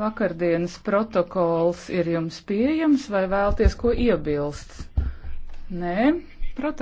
Vakardienas protokols ir jums pieejams vai vēlties ko iebilst? Nē,